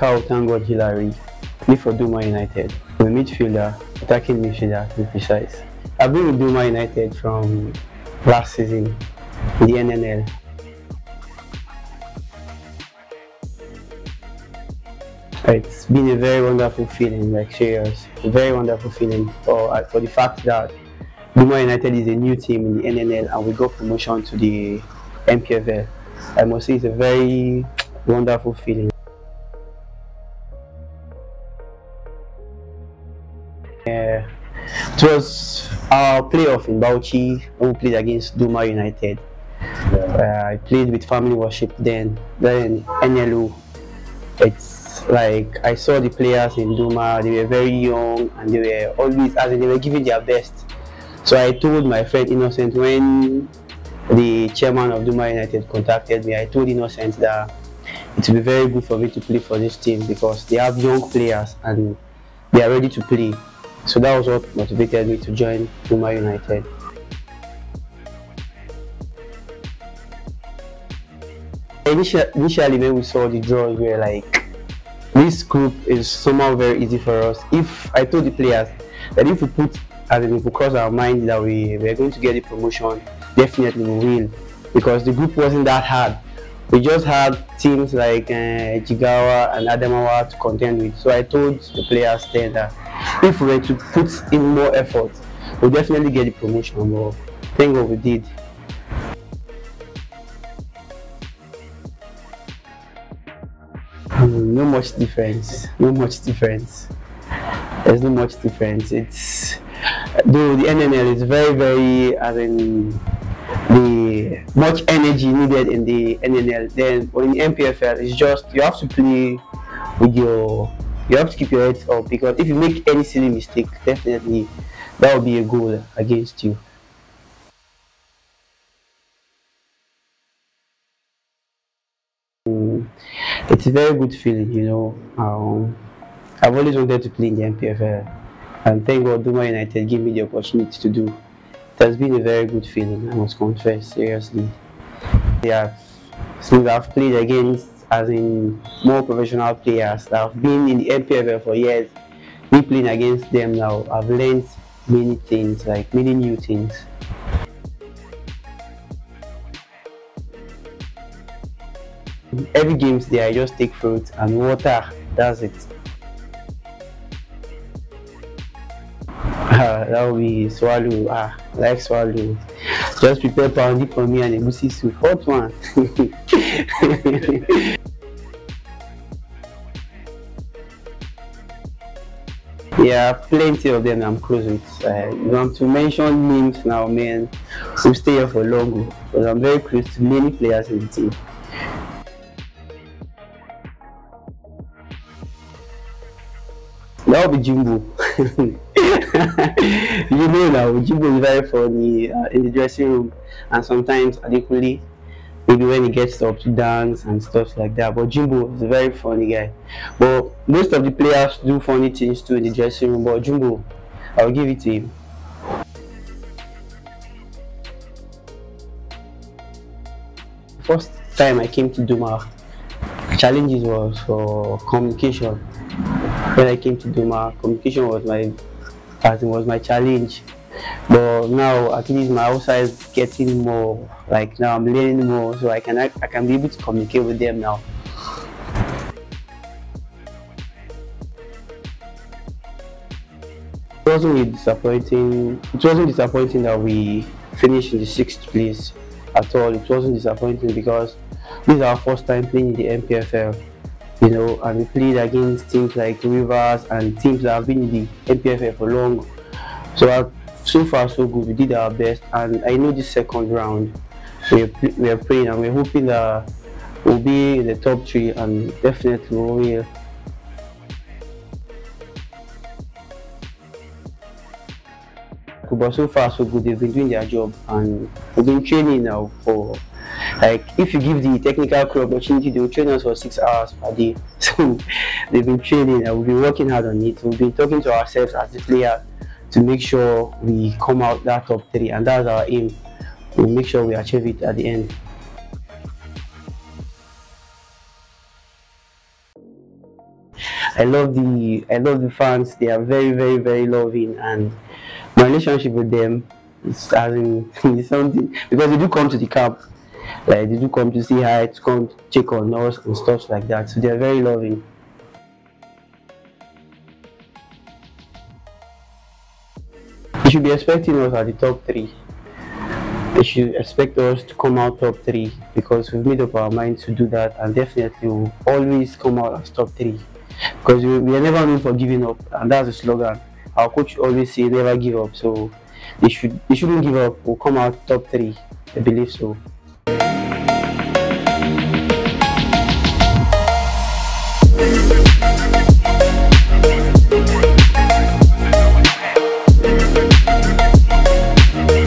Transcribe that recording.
Falcao Tango Hillary, Clifford Duma United. I'm a midfielder, attacking midfielder to be precise. I've been with Duma United from last season, the NNL. It's been a very wonderful feeling, like serious, a very wonderful feeling for, uh, for the fact that Duma United is a new team in the NNL and we got promotion to the MPFL. I must say it's a very wonderful feeling. It was our playoff in Bauchi. We played against Duma United. Yeah. Uh, I played with Family Worship then, then NLU. It's like I saw the players in Duma, they were very young and they were always, as they were giving their best. So I told my friend Innocent when the chairman of Duma United contacted me, I told Innocent that it will be very good for me to play for this team because they have young players and they are ready to play. So that was what motivated me to join Puma United. Initially, when we saw the draw, we were like, this group is somehow very easy for us. If I told the players that if we put as if we cross our mind that we were going to get the promotion, definitely we will, because the group wasn't that hard. We just had teams like uh, Jigawa and Adamawa to contend with. So I told the players then that if we were to put in more effort, we'll definitely get the promotion. But thank God we did. Hmm, no much difference no much difference there's no much difference it's though the nnl is very very as in the much energy needed in the nnl then in mpfl it's just you have to play with your you have to keep your head up because if you make any silly mistake, definitely that will be a goal against you. Mm. It's a very good feeling, you know. Um, I've always wanted to play in the MPFL, and thank God Duma United gave me the opportunity to do. It has been a very good feeling, I must confess, seriously. Yeah, since I've played against as in more professional players that have been in the NPFL for years. Me playing against them now, I've learned many things, like many new things. Every games there, I just take fruit and water. That's it. Uh, that will be swallow. Ah, like swallow. Just prepare poundy for me and se isso Hot one. Yeah, plenty of them I'm close with. Uh, you want to mention names now, man. So stay here for long because I'm very close to many players in the team. That'll be Jimbo. you know that Ujibo is very funny uh, in the dressing room, and sometimes Adekunle, maybe when he gets up to dance and stuff like that. But Jimbo is a very funny guy. But most of the players do funny things too in the dressing room. But Jimbo, I'll give it to him. First time I came to Duma, challenges was for communication. When I came to Duma, communication was my as it was my challenge. But now at least my outside is getting more, like now I'm learning more, so I can, I, I can be able to communicate with them now. It wasn't really disappointing, it wasn't disappointing that we finished in the sixth place at all. It wasn't disappointing because this is our first time playing in the MPFL you know, and we played against teams like Rivers and teams that have been in the MPFL for long. So uh, so far so good. We did our best, and I know this second round we are, we are praying and we're hoping that we'll be in the top three and definitely we will. But so far so good. They've been doing their job and we've been training now for like if you give the technical crew opportunity, they will train us for six hours per day. So they've been training and we've been working hard on it. We've been talking to ourselves as the players to make sure we come out that top three and that's our aim. We'll make sure we achieve it at the end. I love the I love the fans. They are very, very, very loving, and my relationship with them is, I mean, is something because they do come to the camp like uh, they do come to see her to come check on us and stuff like that so they're very loving they should be expecting us at the top three they should expect us to come out top three because we've made up our mind to do that and definitely we'll always come out as top three because we are never known for giving up and that's the slogan our coach always say never give up so they should they shouldn't give up we'll come out top three i believe so